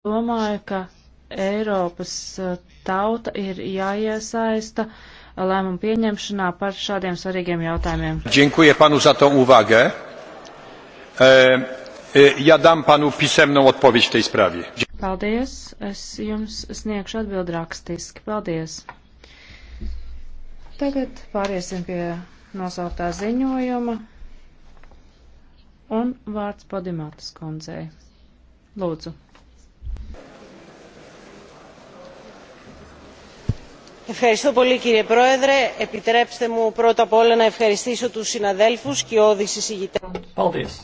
domāju, ka Eiropas uh, tauta ir jāiesaista lēmumu pieņemšanā par šādiem svarīgiem jautājumiem. Dziękuję panu za tą uwagę. E, e, ja dam panu pisemną odpowiedź w tej sprawie. Paldies. Es jums sniegšu atbildi rakstiski. Paldies. Tagad pāriesim pie nosauktā ziņojuma un vārds Podimatas kundzei. Lūdzu. κύριε πρόεδρε επιτρέψτε μου πρώτα απ' όλα να ευχαριστήσω τους συναδέλφους σκιώδεις εισηγητές. Paldies!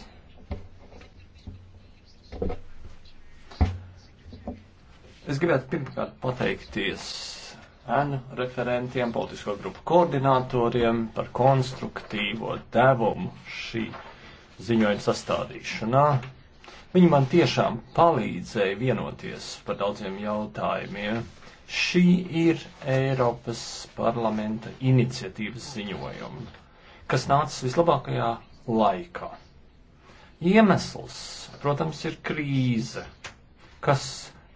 Es gribētu pirmkārt pateikties ēnu referentiem, politisko grupu koordinatoriem par konstruktīvo devumu šī ziņojuma sastādīšanā. Viņi man tiešām palīdzēja vienoties par daudziem jautājumiem Šī ir Eiropas parlamenta iniciatīvas ziņojuma, kas nācis vislabākajā laikā. Iemesls, protams, ir krīze, kas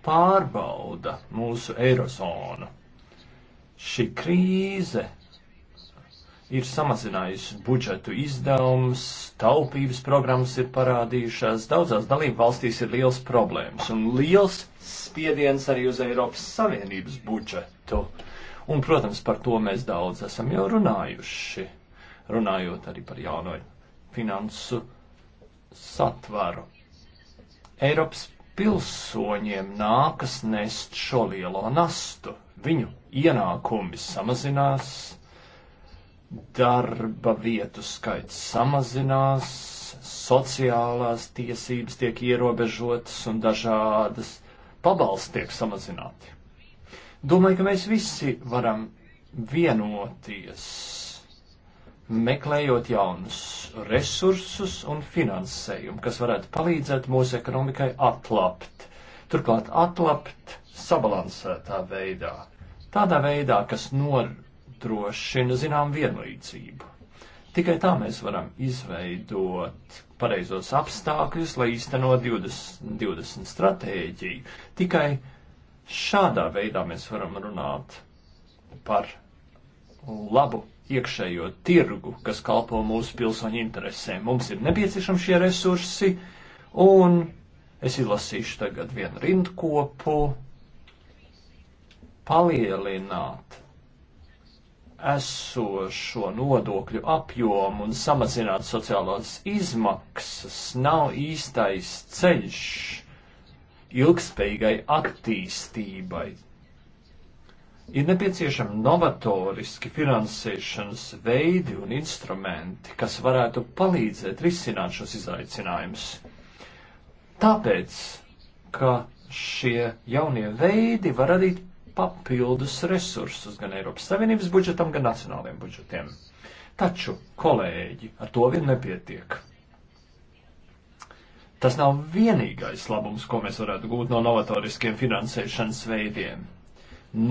pārbauda mūsu eirozonu. Šī krīze ir samazinājusi budžetu izdevumus, taupības programmas ir parādījušās, daudzās dalību valstīs ir liels problēmas un liels spiediens arī uz Eiropas Savienības budžetu. Un, protams, par to mēs daudz esam jau runājuši, runājot arī par jauno finansu satvaru. Eiropas pilsoņiem nākas nest šo lielo nastu. Viņu ienākumi samazinās, darba vietu skaits samazinās, sociālās tiesības tiek ierobežotas un dažādas pabalsti tiek samazināti. Domāju, ka mēs visi varam vienoties, meklējot jaunus resursus un finansējumu, kas varētu palīdzēt mūsu ekonomikai atlapt, turklāt atlapt sabalansētā veidā, tādā veidā, kas nor nodrošina zinām vienlīdzību. Tikai tā mēs varam izveidot pareizos apstākļus, lai īstenot 20, 20 stratēģiju. Tikai šādā veidā mēs varam runāt par labu iekšējo tirgu, kas kalpo mūsu pilsoņu interesēm. Mums ir nepieciešami šie resursi, un es izlasīšu tagad vienu rindkopu palielināt esošo nodokļu apjomu un samazināt sociālās izmaksas nav īstais ceļš ilgspējīgai attīstībai. Ir nepieciešami novatoriski finansēšanas veidi un instrumenti, kas varētu palīdzēt risināt šos izaicinājumus. Tāpēc, ka šie jaunie veidi var radīt papildus resursus gan Eiropas Savienības budžetam, gan nacionāliem budžetiem. Taču, kolēģi, ar to vien nepietiek. Tas nav vienīgais labums, ko mēs varētu gūt no novatoriskiem finansēšanas veidiem.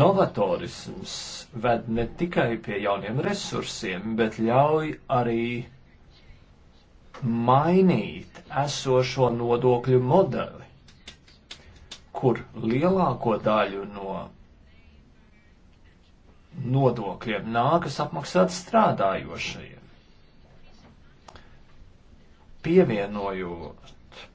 Novatorisms ved ne tikai pie jauniem resursiem, bet ļauj arī mainīt esošo nodokļu modeli, kur lielāko daļu no nodokļiem nākas apmaksāt strādājošajiem. Pievienojot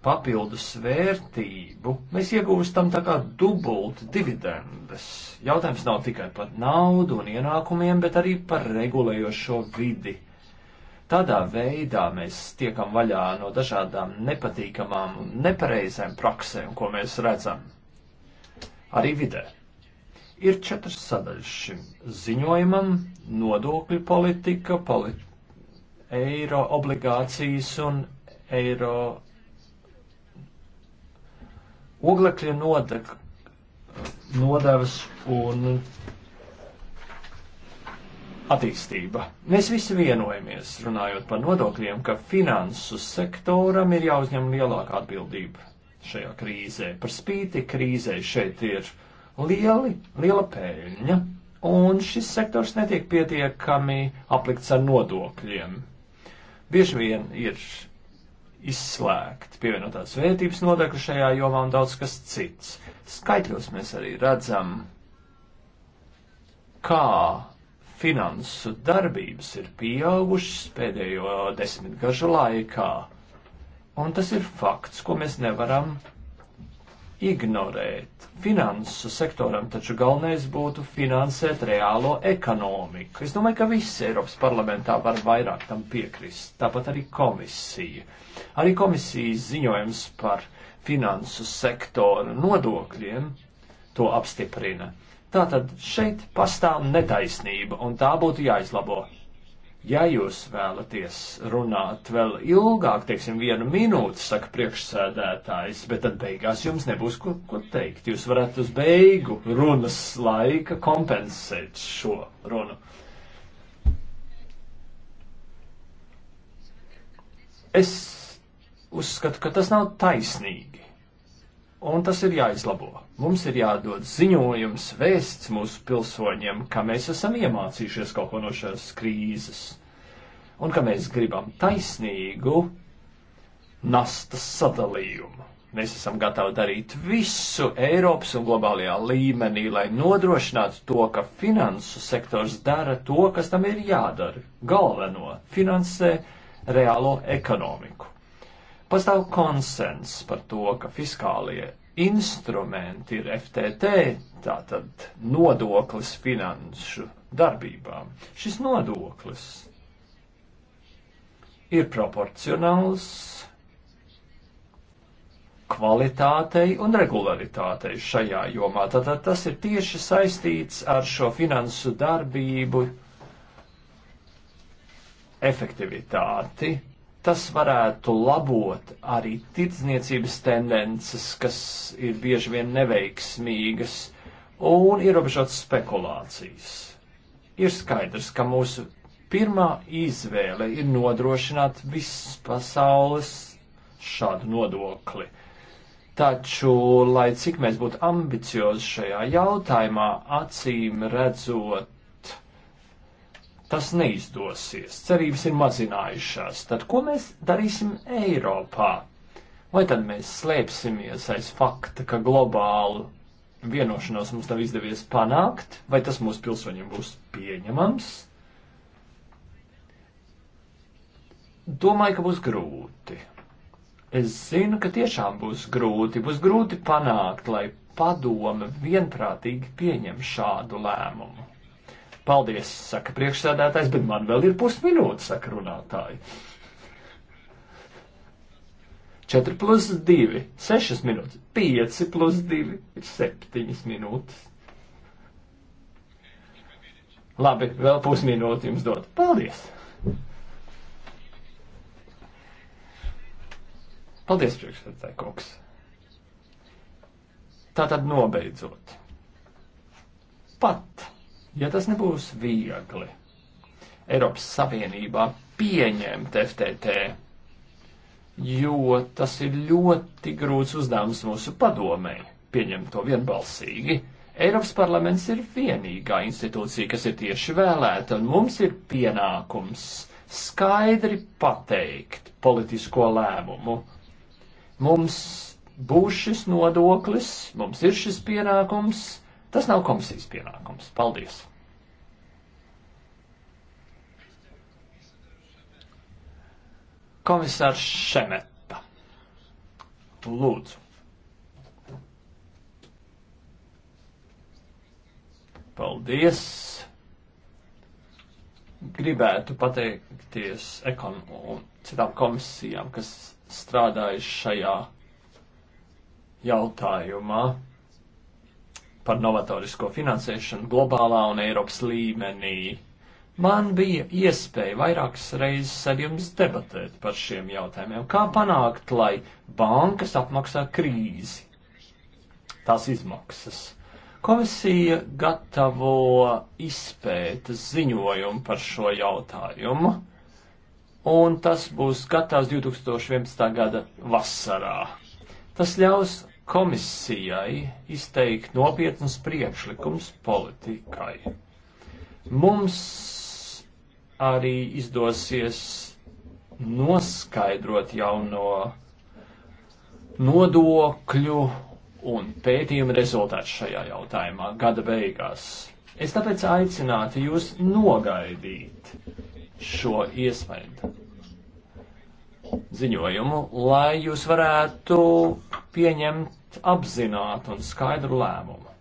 papildus vērtību, mēs iegūstam tā kā dubultu dividendes. Jautājums nav tikai par naudu un ienākumiem, bet arī par regulējošo vidi. Tādā veidā mēs tiekam vaļā no dažādām nepatīkamām un nepareizēm praksēm, ko mēs redzam arī vidē. Ir četras sadaļas šim ziņojumam - nodokļu politika, poli eiro obligācijas un eiro oglekļa nodek, nodevas un attīstība. Mēs visi vienojamies, runājot par nodokļiem, ka finansu sektoram ir jāuzņem lielāka atbildība šajā krīzē. Par spīti krīzē šeit ir lieli, liela pēļņa, un šis sektors netiek pietiekami aplikts ar nodokļiem. Bieži vien ir izslēgt pievienotās vērtības nodokļu šajā jomā un daudz kas cits. Skaitļos mēs arī redzam, kā finansu darbības ir pieaugušas pēdējo desmitgažu laikā. Un tas ir fakts, ko mēs nevaram ignorēt. Finansu sektoram taču galvenais būtu finansēt reālo ekonomiku. Es domāju, ka viss Eiropas parlamentā var vairāk tam piekrist, tāpat arī komisija. Arī komisijas ziņojums par finansu sektoru nodokļiem to apstiprina. Tātad šeit pastāv netaisnība, un tā būtu jāizlabo. Ja jūs vēlaties runāt vēl ilgāk, teiksim, vienu minūti, saka priekšsēdētājs, bet tad beigās jums nebūs ko, ko teikt. Jūs varat uz beigu runas laika kompensēt šo runu. Es uzskatu, ka tas nav taisnīgi un tas ir jāizlabo. Mums ir jādod ziņojums, vēsts mūsu pilsoņiem, ka mēs esam iemācījušies kaut ko no šīs krīzes, un ka mēs gribam taisnīgu nastas sadalījumu. Mēs esam gatavi darīt visu Eiropas un globālajā līmenī, lai nodrošinātu to, ka finansu sektors dara to, kas tam ir jādara - galveno - finansē reālo ekonomiku. Pastāv konsens par to, ka fiskālie instrumenti ir FTT, tātad nodoklis finanšu darbībām. Šis nodoklis ir proporcionāls kvalitātei un regularitātei šajā jomā. Tātad tas ir tieši saistīts ar šo finansu darbību efektivitāti Tas varētu labot arī tirdzniecības tendences, kas ir bieži vien neveiksmīgas, un ierobežot spekulācijas. Ir skaidrs, ka mūsu pirmā izvēle ir nodrošināt visas pasaules šādu nodokli. Taču, lai cik mēs būtu ambiciozi šajā jautājumā, acīm redzot, tas neizdosies. Cerības ir mazinājušās. Tad ko mēs darīsim Eiropā? Vai tad mēs slēpsimies aiz fakta, ka globālu vienošanos mums nav izdevies panākt, vai tas mūsu pilsoņiem būs pieņemams? Domāju, ka būs grūti. Es zinu, ka tiešām būs grūti. Būs grūti panākt, lai padome vienprātīgi pieņem šādu lēmumu. Paldies, saka priekšsēdētājs, bet man vēl ir pusminūte, saka runātāji. 4 plus 2, 6 minūtes, 5 plus 2 ir 7 minūtes. Labi, vēl pusminūti jums dod. Paldies! Paldies, priekšsēdētāji kungs! Tātad nobeidzot. Pat ja tas nebūs viegli Eiropas Savienībā pieņemt FTT, jo tas ir ļoti grūts uzdevums mūsu padomēji pieņemt to vienbalsīgi. Eiropas parlaments ir vienīgā institūcija, kas ir tieši vēlēta, un mums ir pienākums skaidri pateikt politisko lēmumu. Mums būs šis nodoklis, mums ir šis pienākums, Tas nav komisijas pienākums. Paldies! Komisārs Šemeta. Lūdzu. Paldies! Gribētu pateikties ekon un citām komisijām, kas strādājuši šajā jautājumā par novatorisko finansēšanu globālā un Eiropas līmenī. Man bija iespēja vairākas reizes ar jums debatēt par šiem jautājumiem, kā panākt, lai bankas apmaksā krīzi, tās izmaksas. Komisija gatavo izpētes ziņojumu par šo jautājumu, un tas būs gatavs 2011. gada vasarā. Tas ļaus komisijai izteikt nopietnus priekšlikums politikai. Mums arī izdosies noskaidrot jauno nodokļu un pētījuma rezultātu šajā jautājumā gada beigās. Es tāpēc aicinātu jūs nogaidīt šo iespēju ziņojumu, lai jūs varētu pieņemt apzinātu un skaidru lēmumu.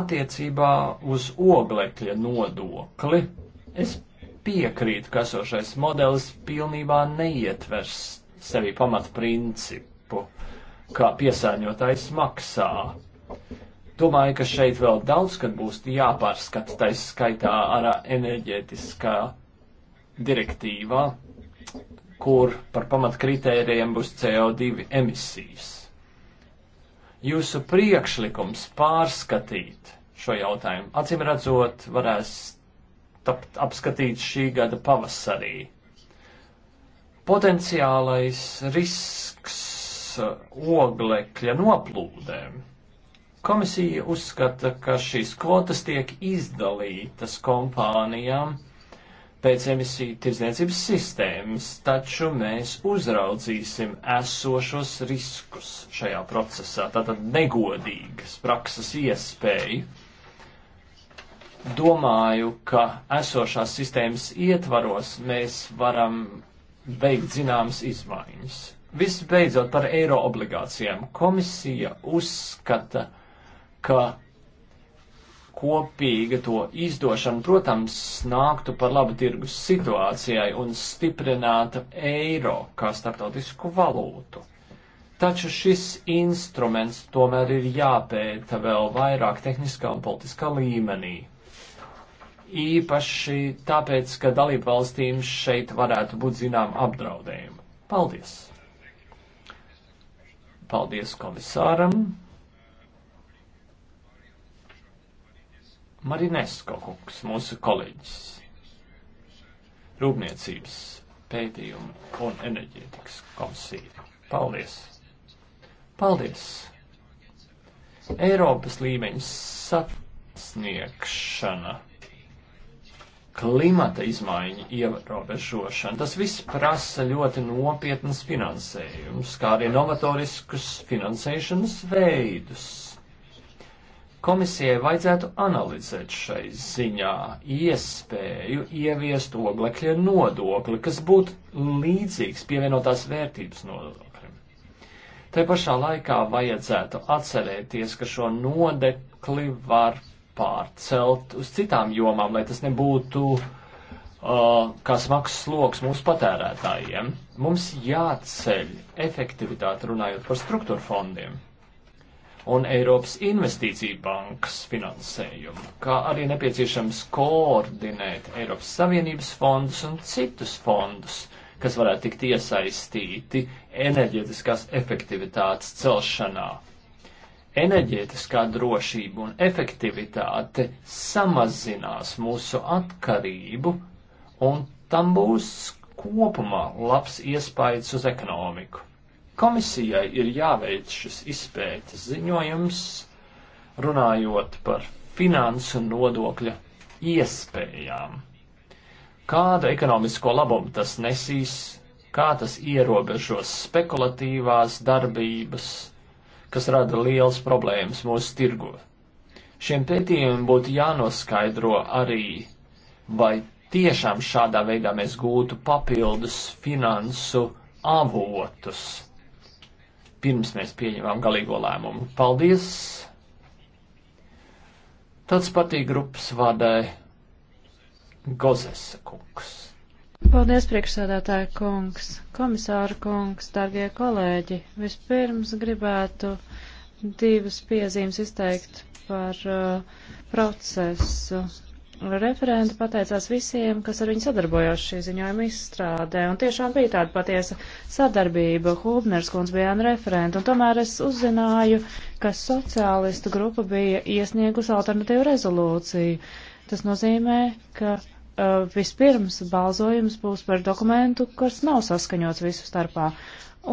Attiecībā uz oglekļa nodokli es piekrītu, ka sošais modelis pilnībā neietvers sevi pamatprincipu, kā piesārņotājs maksā. Domāju, ka šeit vēl daudz, kad būs jāpārskata taisa skaitā ar enerģētiskā direktīvā, kur par pamatkritērijiem būs CO2 emisijas. Jūsu priekšlikums pārskatīt šo jautājumu, acīm redzot, varēs tapt apskatīts šī gada pavasarī. Potenciālais risks uh, oglekļa noplūdēm. Komisija uzskata, ka šīs kvotas tiek izdalītas kompānijām, pēc emisiju tirdzniecības sistēmas, taču mēs uzraudzīsim esošos riskus šajā procesā, tātad negodīgas prakses iespēju. Domāju, ka esošās sistēmas ietvaros mēs varam veikt zināmas izmaiņas. Visbeidzot par eiro obligācijām. Komisija uzskata, ka kopīga to izdošana, protams, nāktu par labu tirgus situācijai un stiprinātu eiro kā starptautisku valūtu. Taču šis instruments tomēr ir jāpēta vēl vairāk tehniskā un politiskā līmenī. Īpaši tāpēc, ka dalību valstīm šeit varētu būt zinām apdraudējumi. Paldies! Paldies komisāram! Marinesko kungs, mūsu kolēģis, Rūpniecības pētījumu un enerģētikas komisija. Paldies! Paldies! Eiropas līmeņa sasniegšana, klimata izmaiņa ierobežošana, tas viss prasa ļoti nopietnas finansējums, kā arī novatoriskus finansēšanas veidus Komisijai vajadzētu analizēt šai ziņā iespēju ieviest oglekļa nodokli, kas būtu līdzīgs pievienotās vērtības nodoklim. Te pašā laikā vajadzētu atcerēties, ka šo nodekli var pārcelt uz citām jomām, lai tas nebūtu uh, kā smags sloks mūsu patērētājiem. Mums jāceļ efektivitāte runājot par struktūra fondiem un Eiropas Investīcija bankas finansējumu, kā arī nepieciešams koordinēt Eiropas Savienības fondus un citus fondus, kas varētu tikt iesaistīti enerģetiskās efektivitātes celšanā. Enerģētiskā drošība un efektivitāte samazinās mūsu atkarību, un tam būs kopumā labs iespējas uz ekonomiku. Komisijai ir jāveic šis izpētes ziņojums, runājot par finansu nodokļa iespējām. Kādu ekonomisko labumu tas nesīs, kā tas ierobežos spekulatīvās darbības, kas rada liels problēmas mūsu tirgo. Šiem pētījumiem būtu jānoskaidro arī, vai tiešām šādā veidā mēs gūtu papildus finansu avotus pirms mēs pieņemām galīgo lēmumu. Paldies! Tāds patīk grupas vadai Gozes kungs. Paldies, priekšsēdētāja kungs, komisāra kungs, darbie kolēģi. Vispirms gribētu divas piezīmes izteikt par uh, procesu. Referenta pateicās visiem, kas ar viņu sadarbojās šī ziņojuma izstrādē, un tiešām bija tāda patiesa sadarbība. Hūbners kundz bija un referenta, un tomēr es uzzināju, ka sociālistu grupa bija iesniegus alternatīvu rezolūciju. Tas nozīmē, ka Uh, vispirms balsojums būs par dokumentu, kas nav saskaņots visu starpā.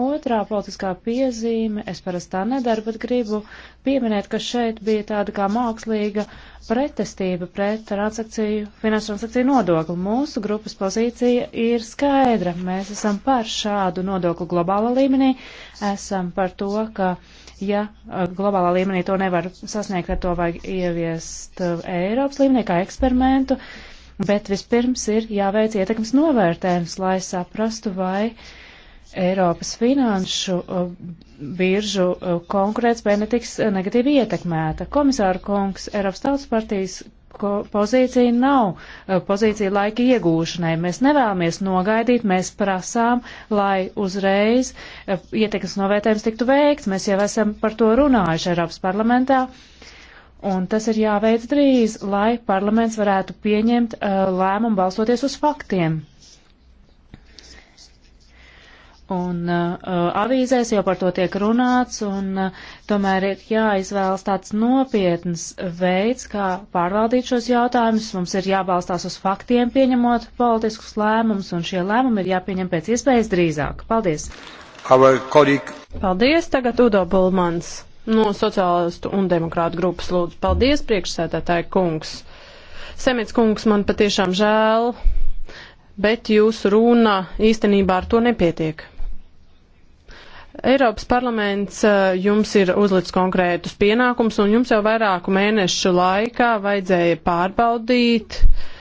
Otrā politiskā piezīme, es parasti tā nedaru, bet gribu pieminēt, ka šeit bija tāda kā mākslīga pretestība pret transakciju, finanšu transakciju nodokli. Mūsu grupas pozīcija ir skaidra. Mēs esam par šādu nodokli globāla līmenī, esam par to, ka ja uh, globālā līmenī to nevar sasniegt, tad to vajag ieviest uh, Eiropas līmenī kā eksperimentu. Uh, bet vispirms ir jāveic ietekmes novērtējums, lai saprastu, vai Eiropas finanšu biržu konkurētspēja netiks e, negatīvi ietekmēta. Komisāra kungs, Eiropas tautas partijas pozīcija nav e, pozīcija laika iegūšanai. Mēs nevēlamies nogaidīt, mēs prasām, lai uzreiz e, ietekmes novērtējums tiktu veikts. Mēs jau esam par to runājuši Eiropas parlamentā. Uh, Un tas ir jāveic drīz, lai parlaments varētu pieņemt uh, lēmumu balstoties uz faktiem. Un uh, uh, avīzēs jau par to tiek runāts, un uh, tomēr ir jāizvēlas tāds nopietns veids, kā pārvaldīt šos jautājumus. Mums ir jābalstās uz faktiem, pieņemot politiskus lēmumus, un šie lēmumi ir jāpieņem pēc iespējas drīzāk. Paldies! Paldies! Tagad Udo Bulmans no sociālistu un demokrātu grupas lūdzu. Paldies, priekšsētātāji kungs. Semits kungs, man patiešām žēl, bet jūsu runa īstenībā ar to nepietiek. Eiropas parlaments eh, jums ir uzlicis konkrētus pienākums, un jums jau vairāku mēnešu laikā vajadzēja pārbaudīt uh,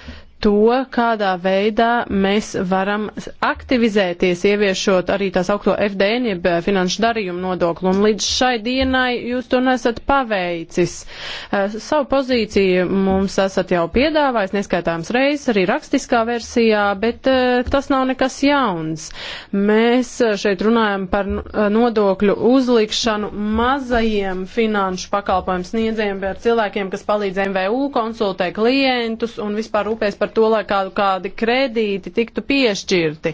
to, kādā veidā mēs varam aktivizēties, ieviešot arī tās augto FDN, jeb eh, finanšu darījumu nodoklu. Un līdz šai dienai jūs to nesat paveicis. Eh, savu pozīciju mums esat jau piedāvājis neskaitāms reizes, arī rakstiskā versijā, bet eh, tas nav nekas jauns. Mēs šeit runājam par nodokļu uzlikšanu mazajiem finanšu pakalpojumu sniedzējiem, bet cilvēkiem, kas palīdz MVU, konsultē klientus un vispār rūpēs par to, lai kādu, kādi kredīti tiktu piešķirti,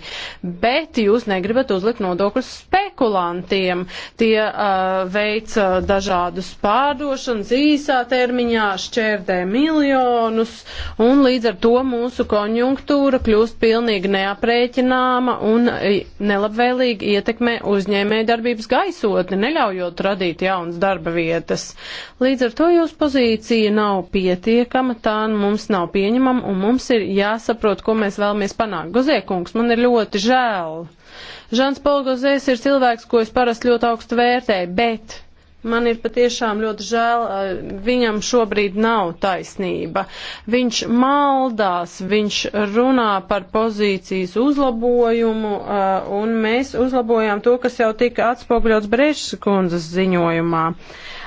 bet jūs negribat uzlikt nodokļus spekulantiem. Tie uh, veic uh, dažādus pārdošanas īsā termiņā, šķērdē miljonus, un līdz ar to mūsu konjunktūra kļūst pilnīgi neaprēķināma un nelabvēlīgi ietekmē uzņēmēju darbības gaisotni, neļaujot radīt jaunas darba vietas. Līdz ar to jūsu pozīcija nav pietiekama, tā mums nav pieņemama un mums mums ir jāsaprot, ko mēs vēlamies panākt. Goziekungs, man ir ļoti žēl. Žans Polgozēs ir cilvēks, ko es parasti ļoti augstu vērtēju, bet Man ir patiešām ļoti žēl, viņam šobrīd nav taisnība. Viņš maldās, viņš runā par pozīcijas uzlabojumu, un mēs uzlabojām to, kas jau tika atspogļots Brešas kundzes ziņojumā.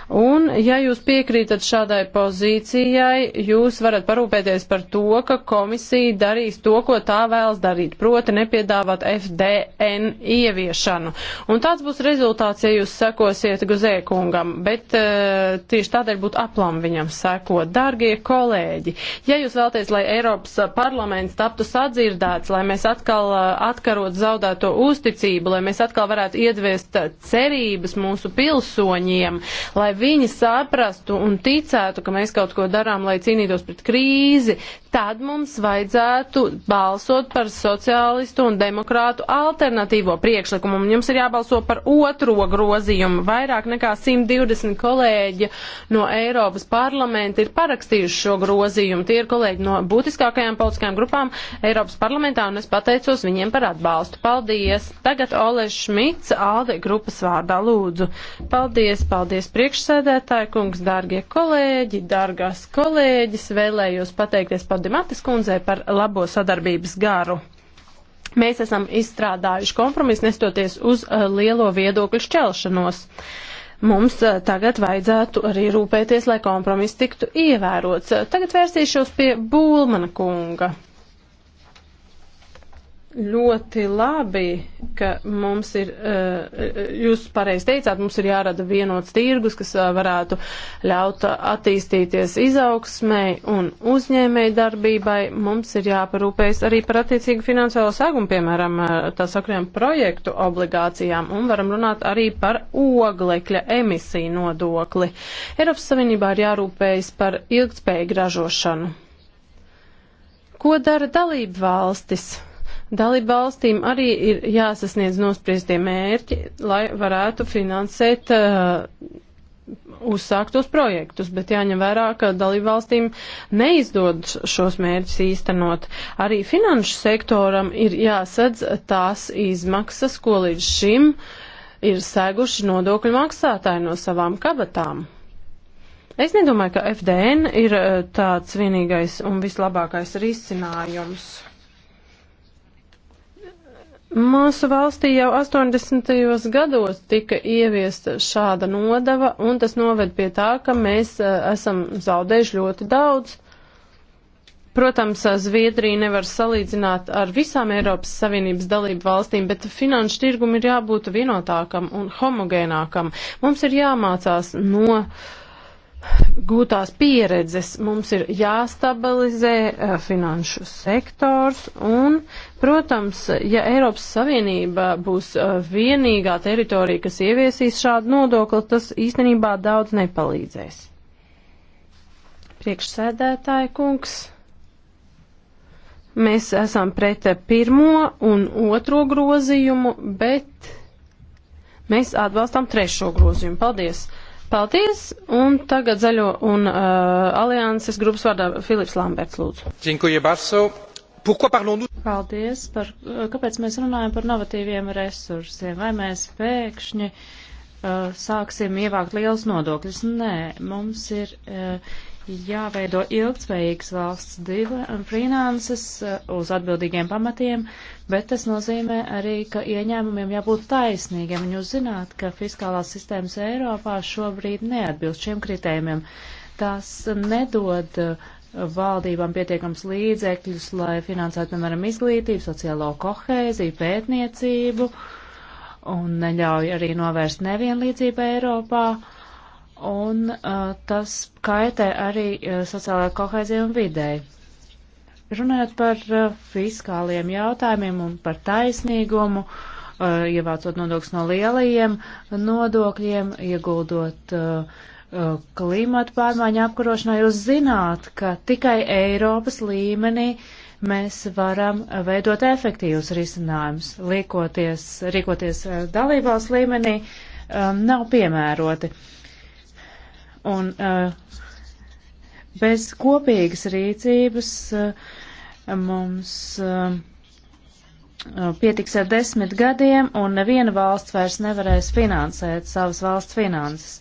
Un, ja jūs piekrītat šādai pozīcijai, jūs varat parūpēties par to, ka komisija darīs to, ko tā vēlas darīt, proti nepiedāvāt FDN ieviešanu. Un tāds būs rezultāts, ja jūs sekosiet Guzēkungam, bet uh, tieši tādēļ būtu aplam viņam sekot. Dargie kolēģi, ja jūs vēlaties, lai Eiropas parlaments taptu sadzirdēts, lai mēs atkal uh, atkarot zaudēto uzticību, lai mēs atkal varētu iedviest cerības mūsu pilsoņiem, lai viņi saprastu un ticētu, ka mēs kaut ko darām, lai cīnītos pret krīzi, tad mums vajadzētu balsot par sociālistu un demokrātu alternatīvo priekšlikumu. Un jums ir jābalso par otro grozījumu. Vairāk nekā 120 kolēģi no Eiropas parlamenta ir parakstījuši šo grozījumu. Tie ir kolēģi no būtiskākajām politiskajām grupām Eiropas parlamentā, un es pateicos viņiem par atbalstu. Paldies! Tagad Ole Šmits, ALDE grupas vārdā lūdzu. Paldies, paldies priekšsēdētājiem! priekšsēdētāja kungs, dārgie kolēģi, dārgās kolēģis, vēlējos pateikties Padimatis kundzei par labo sadarbības garu. Mēs esam izstrādājuši kompromisu, nestoties uz uh, lielo viedokļu šķelšanos. Mums uh, tagad vajadzētu arī rūpēties, lai kompromiss tiktu ievērots. Tagad vērsīšos pie Būlmana kunga ļoti labi, ka mums ir, eh, jūs pareizi teicāt, mums ir jārada vienots tirgus, kas eh, varētu ļaut attīstīties izaugsmai un uzņēmēji darbībai. Mums ir jāparūpējas arī par attiecīgu finansiālo segumu, piemēram, eh, tā sakriem projektu obligācijām, un varam runāt arī par oglekļa emisiju nodokli. Eiropas Savienībā ir jārūpējas par ilgtspēju ražošanu. Ko dara dalību valstis? Dalība valstīm arī ir jāsasniedz nospriestie mērķi, lai varētu finansēt uh, uzsāktos projektus, bet jāņem vērā, ka dalībvalstīm neizdod šos mērķus īstenot. Arī finanšu sektoram ir jāsadz tās izmaksas, ko līdz šim ir seguši nodokļu maksātāji no savām kabatām. Es nedomāju, ka FDN ir uh, tāds vienīgais un vislabākais risinājums. Mūsu valstī jau 80. gados tika ieviesta šāda nodava, un tas noved pie tā, ka mēs eh, esam zaudējuši ļoti daudz. Protams, eh, Zviedrija nevar salīdzināt ar visām Eiropas Savienības dalību valstīm, bet finanšu tirgum ir jābūt vienotākam un homogēnākam. Mums ir jāmācās no gūtās pieredzes mums ir jāstabilizē eh, finanšu sektors un Protams, ja Eiropas Savienība būs uh, vienīgā teritorija, kas ieviesīs šādu nodokli, tas īstenībā daudz nepalīdzēs. Priekšsēdētāja kungs. Mēs esam pret pirmo un otro grozījumu, bet mēs atbalstām trešo grozījumu. Paldies! Paldies! Un tagad zaļo un uh, alianses grupas vārdā Filips Lamberts lūdzu. Dziękuję bardzo. Pourquoi parlons-nous? Paldies par, eh, kāpēc mēs runājam par novatīviem resursiem? Vai mēs pēkšņi uh, sāksim ievākt liels nodokļus? Nē, mums ir uh, jāveido ilgtspējīgs valsts finanses uz atbildīgiem pamatiem, bet tas nozīmē arī, ka ieņēmumiem jābūt taisnīgiem. Un jūs zināt, ka fiskālās sistēmas Eiropā šobrīd neatbilst šiem kritējumiem. Tās nedod uh, valdībām pietiekams līdzekļus, lai finansētu, piemēram, izglītību, sociālo kohēziju, pētniecību un neļauj arī novērst nevienlīdzību Eiropā. Un uh, tas kaitē arī uh, sociālajā kohēzijā un videi. Runājot par uh, fiskāliem jautājumiem un par taisnīgumu, uh, ievācot nodokļus no lielajiem nodokļiem, ieguldot uh, klimatu pārmaiņu apkarošanā, jūs zināt, ka tikai Eiropas līmenī mēs varam veidot efektīvus risinājumus. Liekoties, rīkoties eh, dalībās līmenī um, nav piemēroti. Un uh, bez kopīgas rīcības uh, mums. Uh, pietiks ar desmit gadiem, un neviena valsts vairs nevarēs finansēt savas valsts finanses.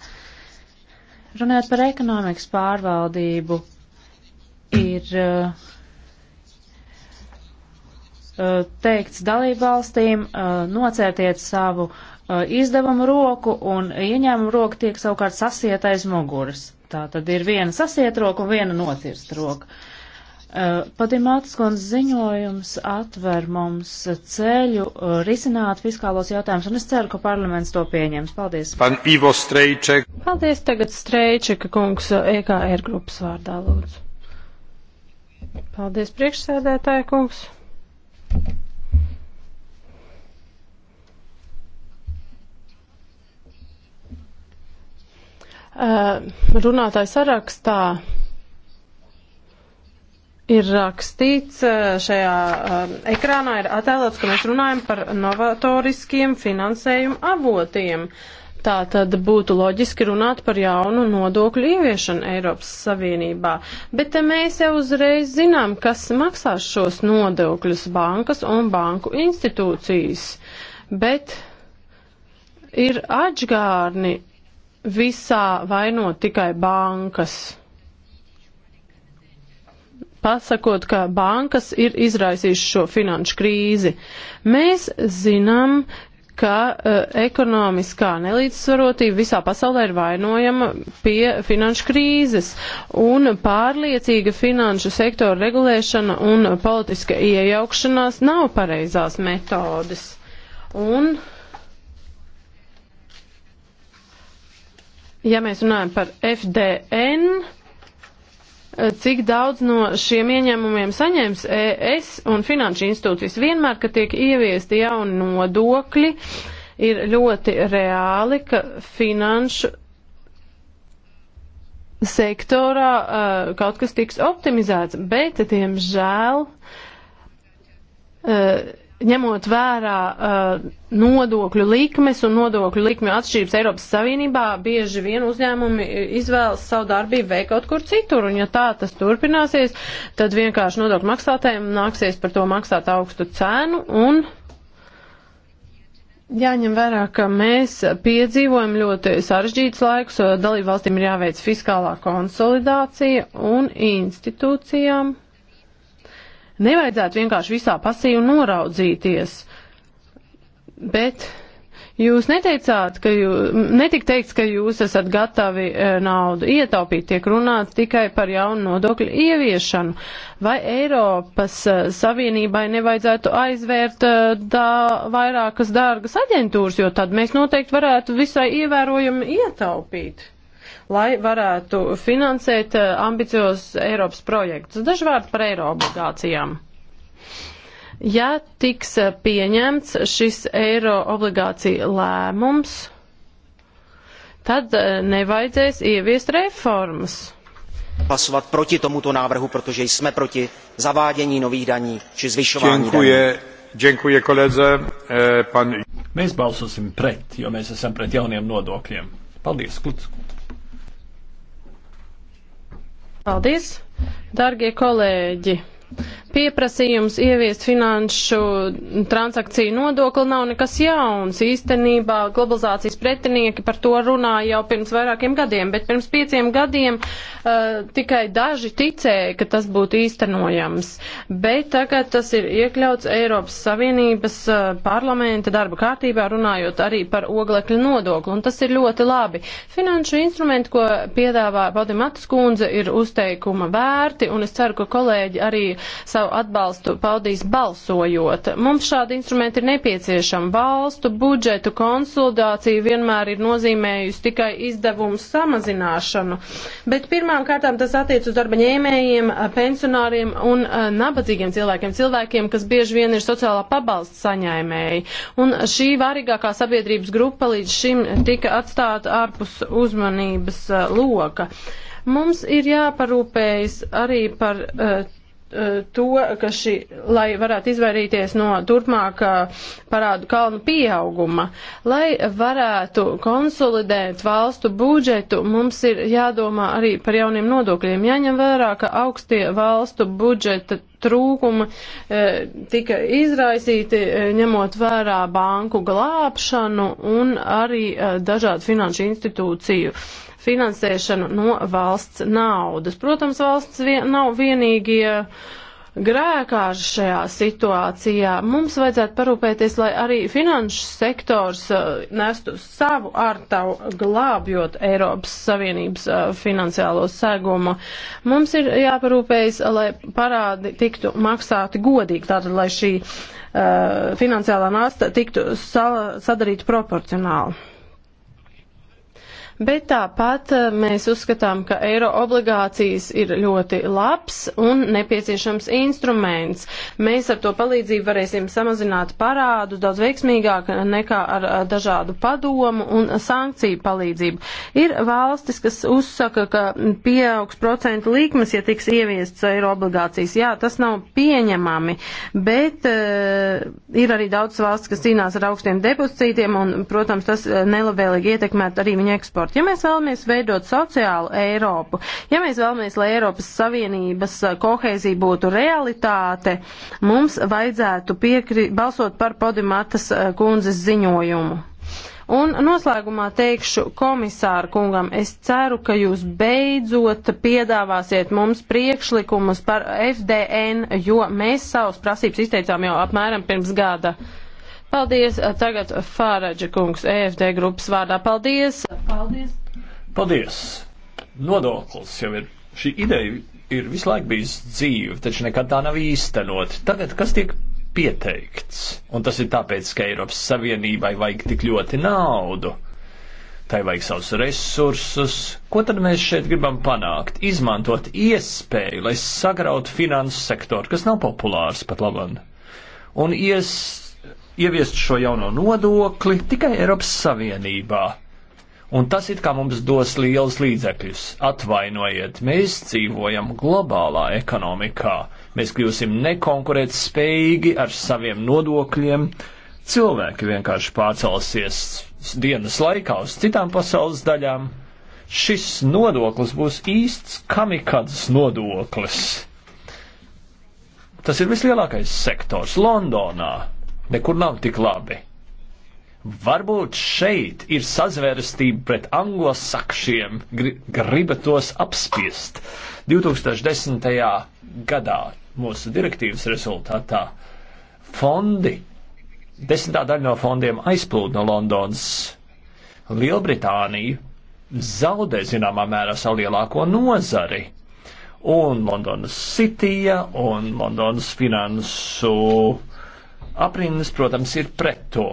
Runājot par ekonomikas pārvaldību, ir uh, teikts dalībvalstīm uh, eh, nocērtiet savu uh, izdevumu roku un ieņēmumu roku tiek savukārt sasiet aiz muguras. Tā tad ir viena sasiet roka un viena nocirst roka. Eh, Patimātas kundze ziņojums atver mums ceļu eh, risināt fiskālos jautājumus, un es ceru, ka parlaments to pieņems. Paldies. Pan Ivo Streiček. Paldies tagad Streičeka kungs EKR eh, e grupas vārdā, lūdzu. Paldies priekšsēdētāja kungs. Uh, runātāja sarakstā ir rakstīts eh, šajā eh, ekrānā, ir attēlots, ka mēs runājam par novatoriskiem finansējumu avotiem. Tā tad būtu loģiski runāt par jaunu nodokļu ieviešanu Eiropas Savienībā, bet te mēs jau uzreiz zinām, kas maksās šos nodokļus bankas un banku institūcijas, bet ir atžgārni visā vainot tikai bankas pasakot, ka bankas ir izraisījušas šo finanšu krīzi. Mēs zinām, ka uh, ekonomiskā nelīdzsvarotība visā pasaulē ir vainojama pie finanšu krīzes, un pārliecīga finanšu sektora regulēšana un politiska iejaukšanās nav pareizās metodes. Un, ja mēs runājam par FDN, Eh, cik daudz no šiem ieņēmumiem saņems ES un finanšu institūcijas. Vienmēr, kad tiek ieviesti jauni nodokļi, ir ļoti reāli, ka finanšu sektorā uh, kaut kas tiks optimizēts, bet, diemžēl, uh, ņemot vērā uh, nodokļu likmes un nodokļu likmju atšķirības Eiropas Savienībā, bieži vien uzņēmumi izvēlas savu darbību veikt kaut kur citur, un ja tā tas turpināsies, tad vienkārši nodokļu maksātājiem nāksies par to maksāt augstu cenu un Jāņem vērā, ka mēs piedzīvojam ļoti sarežģītus laikus, dalību valstīm ir jāveic fiskālā konsolidācija un institūcijām Nevajadzētu vienkārši visā pasīvi noraudzīties, bet Jūs neteicāt, ka jūs, netika teikts, ka jūs esat gatavi e, naudu ietaupīt, tiek runāts tikai par jaunu nodokļu ieviešanu. Vai Eiropas e, Savienībai nevajadzētu aizvērt e, dā, vairākas dārgas aģentūras, jo tad mēs noteikti varētu visai ievērojami ietaupīt? lai varētu finansēt eh, ambiciozus Eiropas projektus. Dažvārdi par eiro obligācijām. Ja tiks eh, pieņemts šis eiro obligācija lēmums, tad eh, nevajadzēs ieviest reformas hlasovat proti tomuto návrhu protože jsme proti zavádění nových daní či zvyšování děkuji, daní. Děkuji koledze. Pan... Mēs balsosim pret, jo mēs esam pret jauniem nodokļiem. Paldies, Kluts. Paldies, darbie kolēģi! Pieprasījums ieviest finanšu transakciju nodokli nav nekas jauns. Īstenībā globalizācijas pretinieki par to runāja jau pirms vairākiem gadiem, bet pirms pieciem gadiem uh, tikai daži ticēja, ka tas būtu īstenojams. Bet tagad tas ir iekļauts Eiropas Savienības uh, parlamenta darba kārtībā, runājot arī par oglekļu nodokli, un tas ir ļoti labi. Finanšu instrumenti, ko piedāvā Padimatas kundze, ir uzteikuma vērti, un es ceru, ka kolēģi arī savu atbalstu paudīs balsojot. Mums šādi instrumenti ir nepieciešami. Valstu budžetu konsolidācija vienmēr ir nozīmējusi tikai izdevumu samazināšanu, bet pirmām kārtām tas attiec uz darba ņēmējiem, pensionāriem un eh, nabadzīgiem cilvēkiem, cilvēkiem, kas bieži vien ir sociālā pabalsta saņēmēji. Un šī vārīgākā sabiedrības grupa līdz šim tika atstāta ārpus uzmanības eh, loka mums ir jāparūpējas arī par uh, Eh, to, ka šī, lai varētu izvairīties no turpmāk eh, parādu kalnu pieauguma, lai varētu konsolidēt valstu budžetu, mums ir jādomā arī par jauniem nodokļiem. Jāņem vērā, ka augstie valstu budžeta trūkumi eh, tika izraisīti, ņemot vērā banku glābšanu un arī dažādu finanšu institūciju finansēšanu no valsts naudas. Protams, valsts vien, nav vienīgie uh, grēkāži šajā situācijā. Mums vajadzētu parūpēties, lai arī finanšu sektors uh, nestu savu ārtavu glābjot Eiropas Savienības uh, finansiālo segumu. Mums ir jāparūpējas, lai parādi tiktu maksāti godīgi, tātad, lai šī uh, finansiālā nasta tiktu sadarīta proporcionāli bet tāpat eh, mēs uzskatām, ka eiro obligācijas ir ļoti labs un nepieciešams instruments. Mēs ar to palīdzību varēsim samazināt parādus daudz veiksmīgāk nekā ar eh, dažādu padomu un sankciju palīdzību. Ir valstis, kas uzsaka, ka pieaugs procentu likmes, ja tiks ieviests eiro obligācijas. Jā, tas nav pieņemami, bet uh, ir arī daudz valsts, kas cīnās ar augstiem depozītiem un, protams, tas nelabvēlīgi ietekmēt arī viņu eksportu transportu, ja mēs vēlamies veidot sociālu Eiropu, ja mēs vēlamies, lai Eiropas Savienības eh, kohēzija būtu realitāte, mums vajadzētu piekri, balsot par Podimatas eh, kundzes ziņojumu. Un noslēgumā teikšu komisāru kungam, es ceru, ka jūs beidzot piedāvāsiet mums priekšlikumus par FDN, jo mēs savus prasības izteicām jau apmēram pirms gada. Paldies. Tagad Fāraģa kungs EFD grupas vārdā. Paldies. Paldies. Paldies. Nodoklis jau ir. Šī ideja ir visu laiku bijusi dzīve, taču nekad tā nav īstenot. Tagad kas tiek pieteikts? Un tas ir tāpēc, ka Eiropas Savienībai vajag tik ļoti naudu. Tai vajag savus resursus. Ko tad mēs šeit gribam panākt? Izmantot iespēju, lai sagrautu finanses sektoru, kas nav populārs pat labam, un ies, ieviest šo jauno nodokli tikai Eiropas Savienībā. Un tas it kā mums dos liels līdzekļus. Atvainojiet, mēs dzīvojam globālā ekonomikā. Mēs kļūsim nekonkurēt spējīgi ar saviem nodokļiem. Cilvēki vienkārši pārcelsies dienas laikā uz citām pasaules daļām. Šis nodoklis būs īsts kamikadzes nodoklis. Tas ir vislielākais sektors Londonā nekur nav tik labi. Varbūt šeit ir sazvērstība pret anglosakšiem, gri, gribatos apspiest. 2010. gadā mūsu direktīvas rezultātā fondi, desmitā daļa no fondiem aizplūda no Londonas. Lielbritānija zaudē zināmā mērā savu lielāko nozari. Un Londonas Cityja un Londonas finansu uh, Aprindas, protams, ir pret to.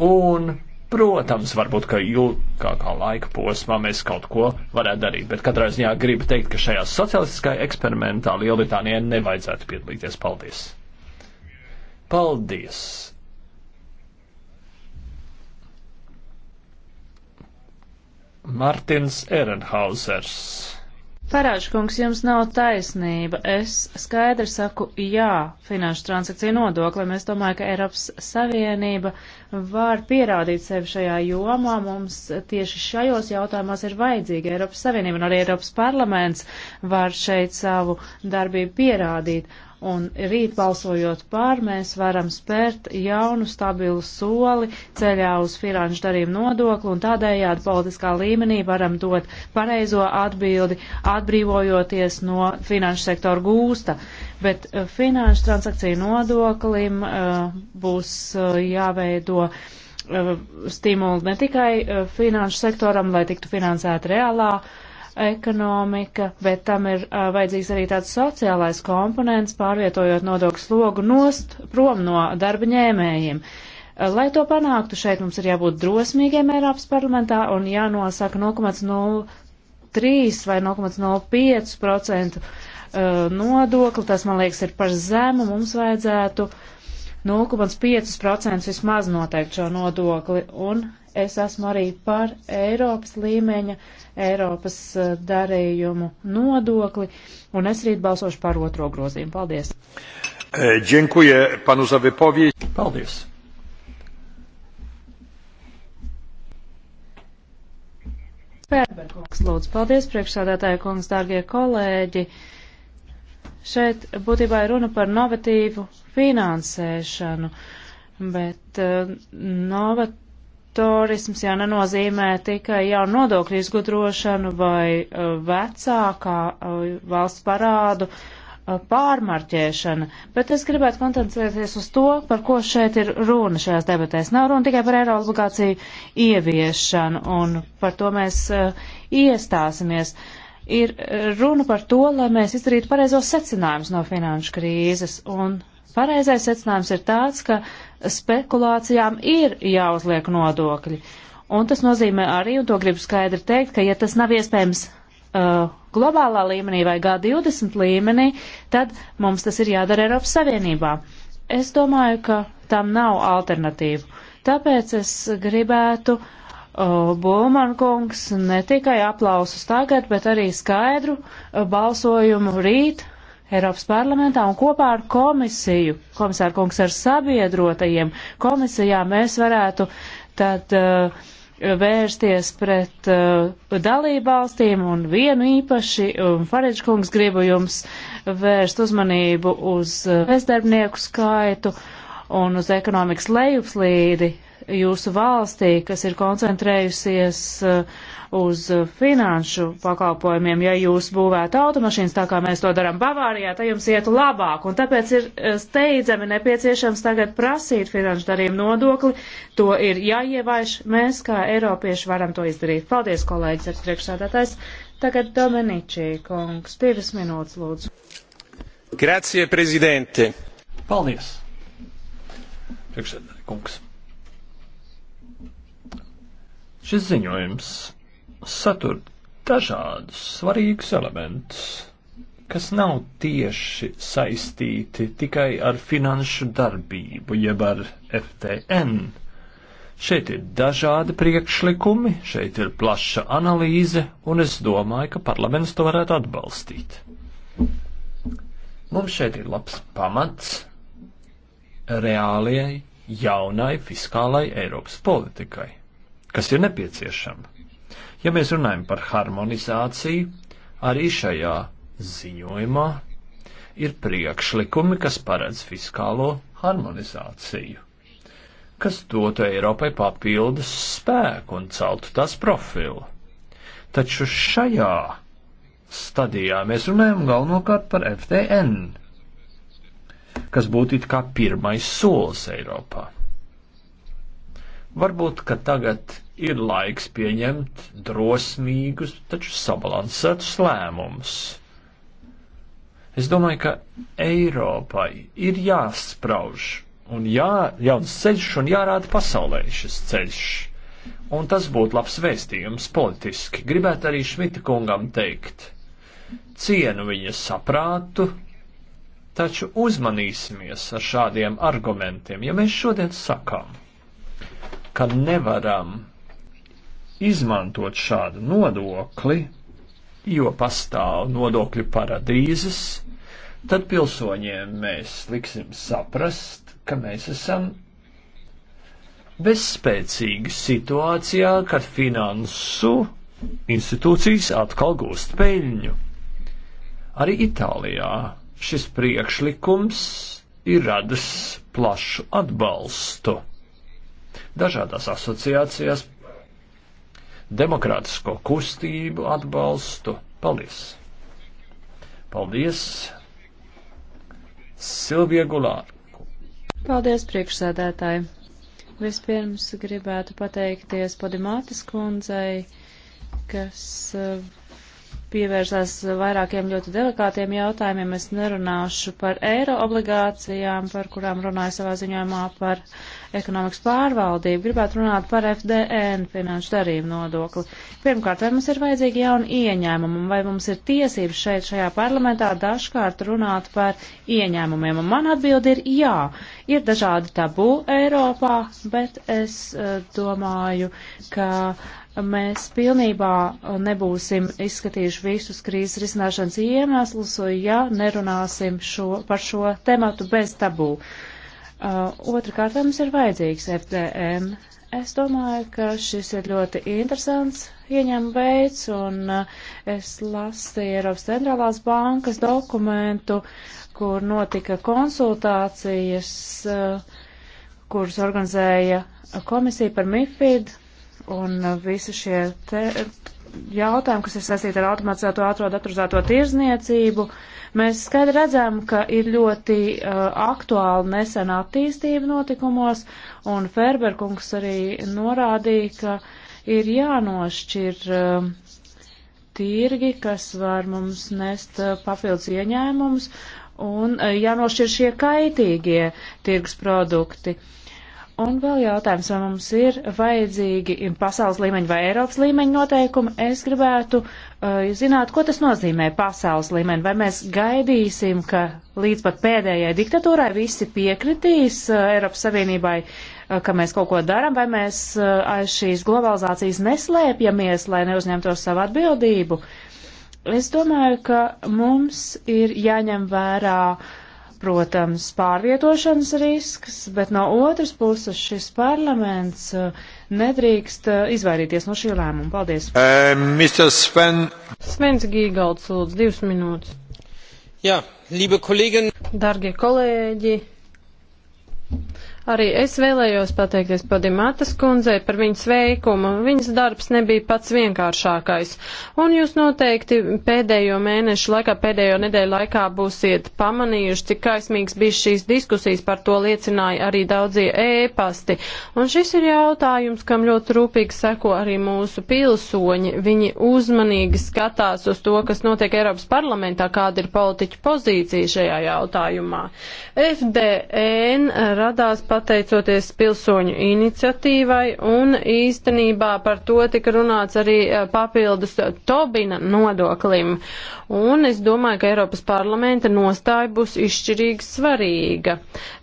Un, protams, varbūt, ka ilgākā laika posmā mēs kaut ko varētu darīt, bet katrā ziņā gribu teikt, ka šajā socialistiskajā eksperimentā Lielbritānijai nevajadzētu piedalīties. Paldies! Paldies! Martins Ehrenhausers. Parāžkungs, jums nav taisnība. Es skaidri saku jā finanšu transakciju nodoklim. Es domāju, ka Eiropas Savienība var pierādīt sevi šajā jomā. Mums tieši šajos jautājumos ir vajadzīga Eiropas Savienība, un arī Eiropas parlaments var šeit savu darbību pierādīt. Un rīt balsojot par, mēs varam spērt jaunu stabilu soli ceļā uz finanšu darījumu nodokli un tādējādi politiskā līmenī varam dot pareizo atbildi, atbrīvojoties no finanšu sektora gūsta. Bet eh, finanšu transakciju nodoklim uh, būs uh, jāveido uh, stimuli ne tikai finanšu sektoram, lai tiktu finansēta reālā uh, ekonomika, bet tam ir uh, vajadzīgs arī tāds sociālais komponents, pārvietojot nodokļu slogu nost prom no darba ņēmējiem. Uh, lai to panāktu, šeit mums ir jābūt drosmīgiem Eiropas parlamentā un jānosaka 0,03 vai 0,05% nodokli. Tas, man liekas, ir par zemu. Mums vajadzētu 0,5% vismaz noteikt šo nodokli. Un es esmu arī par Eiropas līmeņa, Eiropas eh, darījumu nodokli, un es rīt balsošu par otro grozījumu. Paldies! E, dziękuję panu za wypowiedź. Paldies. Pērberkungs, lūdzu, paldies priekšsādātāja kungs, dārgie kolēģi. Šeit būtībā ir runa par novatīvu finansēšanu, bet uh, eh, novat, Turisms jau nenozīmē tikai jau nodokļu izgudrošanu vai uh, vecākā uh, valsts parādu uh, pārmarķēšana, bet es gribētu koncentrēties uz to, par ko šeit ir runa šajās debatēs. Nav runa tikai par eiro obligāciju ieviešanu, un par to mēs uh, iestāsimies. Ir runa par to, lai mēs izdarītu pareizos secinājumus no finanšu krīzes, un pareizais secinājums ir tāds, ka spekulācijām ir jāuzliek nodokļi. Un tas nozīmē arī, un to gribu skaidri teikt, ka ja tas nav iespējams uh, globālā līmenī vai G20 līmenī, tad mums tas ir jādara Eiropas Savienībā. Es domāju, ka tam nav alternatīvu. Tāpēc es gribētu uh, Bulman kungs ne tikai aplausus tagad, bet arī skaidru uh, balsojumu rīt Eiropas parlamentā un kopā ar komisiju, komisāru kungs ar sabiedrotajiem komisijā mēs varētu tad uh, vērsties pret uh, eh, dalībvalstīm un vienu īpaši, un Faridžkungs gribu jums vērst uzmanību uz eh, bezdarbnieku skaitu un uz ekonomikas lejupslīdi jūsu valstī, kas ir koncentrējusies uh, uz finanšu pakalpojumiem. Ja jūs būvētu automašīnas tā, kā mēs to darām Bavārijā, tad jums ietu labāk. Un tāpēc ir uh, steidzami nepieciešams tagad prasīt finanšu darījumu nodokli. To ir jāievaiš. Mēs, kā eiropieši, varam to izdarīt. Paldies, kolēģis, ar priekšsādātājs. Tagad Domeničī, kungs, divas minūtes, lūdzu. Grazie, prezidente. Paldies. Priekšsēdētāji, kungs. Šis ziņojums satur dažādus svarīgus elementus, kas nav tieši saistīti tikai ar finanšu darbību, jeb ar FTN. Šeit ir dažādi priekšlikumi, šeit ir plaša analīze, un es domāju, ka parlaments to varētu atbalstīt. Mums šeit ir labs pamats reālajai jaunai fiskālai Eiropas politikai kas ir nepieciešama. Ja mēs runājam par harmonizāciju, arī šajā ziņojumā ir priekšlikumi, kas paredz fiskālo harmonizāciju, kas dotu Eiropai papildus spēku un celtu tās profilu. Taču šajā stadijā mēs runājam galvenokārt par FTN, kas būtu it kā pirmais solis Eiropā. Varbūt, ka tagad ir laiks pieņemt drosmīgus, taču sabalansētus lēmumus. Es domāju, ka Eiropai ir jāsprauž un jā, jauns ceļš un jārāda pasaulē šis ceļš. Un tas būtu labs vēstījums politiski. Gribētu arī Šmita kungam teikt, cienu viņa saprātu, taču uzmanīsimies ar šādiem argumentiem, ja mēs šodien sakām ka nevaram izmantot šādu nodokli, jo pastāv nodokļu paradīzes, tad pilsoņiem mēs liksim saprast, ka mēs esam bezspēcīgi situācijā, kad finansu institūcijas atkal gūst peļņu. Arī Itālijā šis priekšlikums ir radis plašu atbalstu dažādās asociācijās, demokrātisko kustību atbalstu. Paldies! Paldies! Silvija Gulāra. Paldies, priekšsēdētāji! Vispirms gribētu pateikties Podimātis kundzei, kas uh, pievērsās vairākiem ļoti delikātiem jautājumiem. Es nerunāšu par eiro obligācijām, par kurām runāju savā ziņojumā par ekonomikas pārvaldību. Gribētu runāt par FDN, finanšu darījumu nodokli. Pirmkārt, vai mums ir vajadzīgi jauni ieņēmumi, vai mums ir tiesības šeit šajā parlamentā dažkārt runāt par ieņēmumiem? Un man atbildi ir jā. Ir dažādi tabū Eiropā, bet es uh, domāju, ka uh, mēs pilnībā uh, nebūsim izskatījuši visus krīzes risināšanas iemeslus, ja nerunāsim šo, par šo tematu bez tabū. Uh, Otrakārt, mums ir vajadzīgs FDM. Es domāju, ka šis ir ļoti interesants ieņem veids, un uh, es lasīju Eiropas centrālās bankas dokumentu, kur notika konsultācijas, uh, kuras organizēja komisija par MIFID, Un uh, visi šie te, jautājumi, kas ir saistīti ar automatizēto ātrodatorizēto tirzniecību, mēs skaidri redzam, ka ir ļoti uh, aktuāla nesena attīstība notikumos, un Ferberkungs arī norādīja, ka ir jānošķir uh, tirgi, kas var mums nest uh, papildus ieņēmumus, un uh, jānošķir šie kaitīgie tirgus produkti. Uh, Un vēl jautājums, vai mums ir vajadzīgi pasaules līmeņa vai Eiropas līmeņa noteikumi. Es gribētu uh, zināt, ko tas nozīmē pasaules līmeni. Vai mēs gaidīsim, ka līdz pat pēdējai diktatūrai visi piekritīs uh, Eiropas Savienībai, uh, ka mēs kaut ko darām, vai mēs uh, aiz šīs globalizācijas neslēpjamies, lai neuzņemtos savu atbildību. Es domāju, ka mums ir jāņem vērā uh, protams, pārvietošanas risks, bet no otras puses šis parlaments uh, nedrīkst uh, izvairīties no šī lēmuma. Paldies. Uh, Sven. Svens Gīgalds, lūdzu, divas minūtes. Jā, liebe kolēģi. Dargie kolēģi, Arī es vēlējos pateikties Padimatas kundzei par viņas veikumu. Viņas darbs nebija pats vienkāršākais. Un jūs noteikti pēdējo mēnešu laikā, pēdējo nedēļu laikā būsiet pamanījuši, cik kaismīgs bija šīs diskusijas, par to liecināja arī daudzie ēpasti. Un šis ir jautājums, kam ļoti rūpīgi seko arī mūsu pilsoņi. Viņi uzmanīgi skatās uz to, kas notiek Eiropas parlamentā, kāda ir politiķa pozīcija šajā jautājumā. FDN radās pateicoties pilsoņu iniciatīvai, un īstenībā par to tika runāts arī eh, papildus Tobina nodoklim. Un es domāju, ka Eiropas parlamenta nostāja būs izšķirīgi svarīga.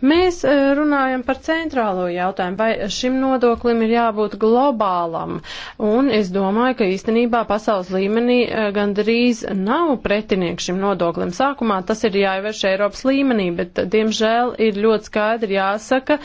Mēs eh, runājam par centrālo jautājumu, vai šim nodoklim ir jābūt globālam, un es domāju, ka īstenībā pasaules līmenī eh, gandrīz nav pretinieks šim nodoklim. Sākumā tas ir jāievērš Eiropas līmenī, bet diemžēl ir ļoti skaidri jāsaka,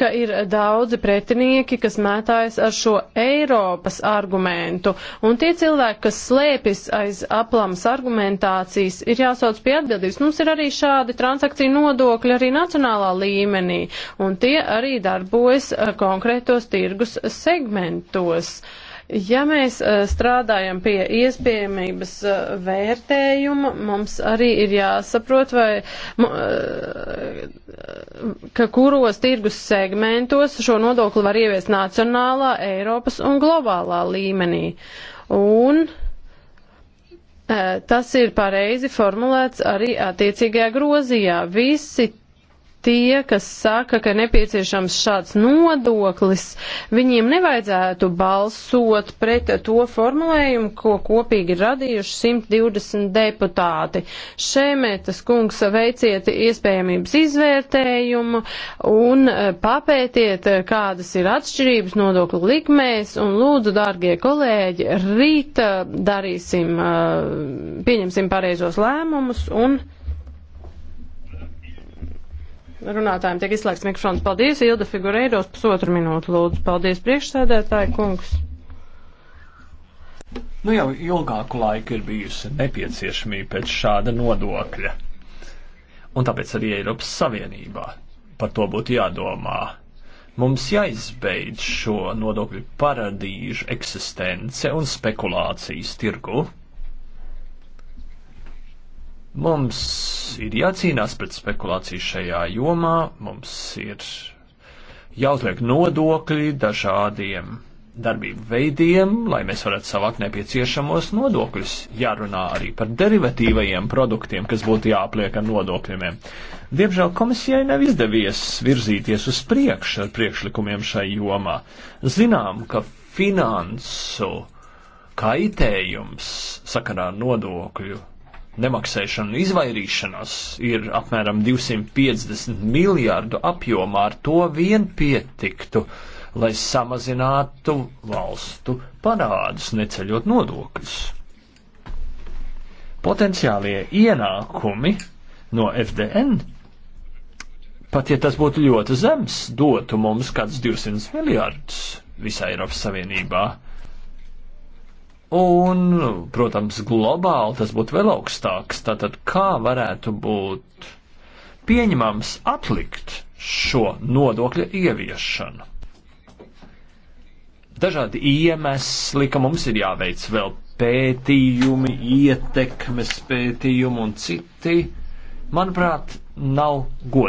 ka ir daudzi pretinieki, kas mētājas ar šo Eiropas argumentu. Un tie cilvēki, kas slēpjas aiz aplamas argumentācijas, ir jāsauc pie atbildības. Mums ir arī šādi transakciju nodokļi arī nacionālā līmenī, un tie arī darbojas eh, konkrētos tirgus segmentos. Uh, Ja mēs e, strādājam pie iespējamības e, vērtējuma, mums arī ir jāsaprot, vai, e, ka kuros tirgus segmentos šo nodokli var ieviest nacionālā, Eiropas un globālā līmenī. Un Tas ir pareizi formulēts arī attiecīgajā grozījā. Visi tie, kas saka, ka nepieciešams šāds nodoklis, viņiem nevajadzētu balsot pret to formulējumu, ko kopīgi ir radījuši 120 deputāti. Šemetas kungs veiciet iespējamības izvērtējumu un e, papētiet, e, kādas ir atšķirības nodokļu likmēs un lūdzu, dārgie kolēģi, rīt e, darīsim, pieņemsim pareizos lēmumus un Runātājiem tiek izslēgts mikrofons. Paldies, Ilda Figureidos, pusotru minūtu lūdzu. Paldies, priekšsēdētāji kungs. Nu jau ilgāku laiku ir bijusi nepieciešamība pēc šāda nodokļa. Un tāpēc arī Eiropas Savienībā par to būtu jādomā. Mums jāizbeidz šo nodokļu paradīžu eksistence un spekulācijas tirgu. Mums ir jācīnās pret spekulāciju šajā jomā, mums ir jāuzliek nodokļi dažādiem darbību veidiem, lai mēs varētu savākt nepieciešamos nodokļus. Jārunā arī par derivatīvajiem produktiem, kas būtu jāapliek ar nodokļiem. Diemžēl komisijai nav izdevies virzīties uz priekšu ar priekšlikumiem šai jomā. Zinām, ka finansu kaitējums sakarā nodokļu nemaksāšana un izvairīšanās ir apmēram 250 miljārdu apjomā, ar to vien pietiktu, lai samazinātu valstu parādus, neceļot nodokļus. Potenciālie ienākumi no FDN, pat ja tas būtu ļoti zems, dotu mums kāds 200 miljārdus visā Eiropas Savienībā Un, protams, globāli tas būtu vēl augstāks. Tātad, kā varētu būt pieņemams atlikt šo nodokļa ieviešanu? Dažādi iemesli, ka mums ir jāveic vēl pētījumi, ietekmes pētījumi un citi, manuprāt, nav godīgi.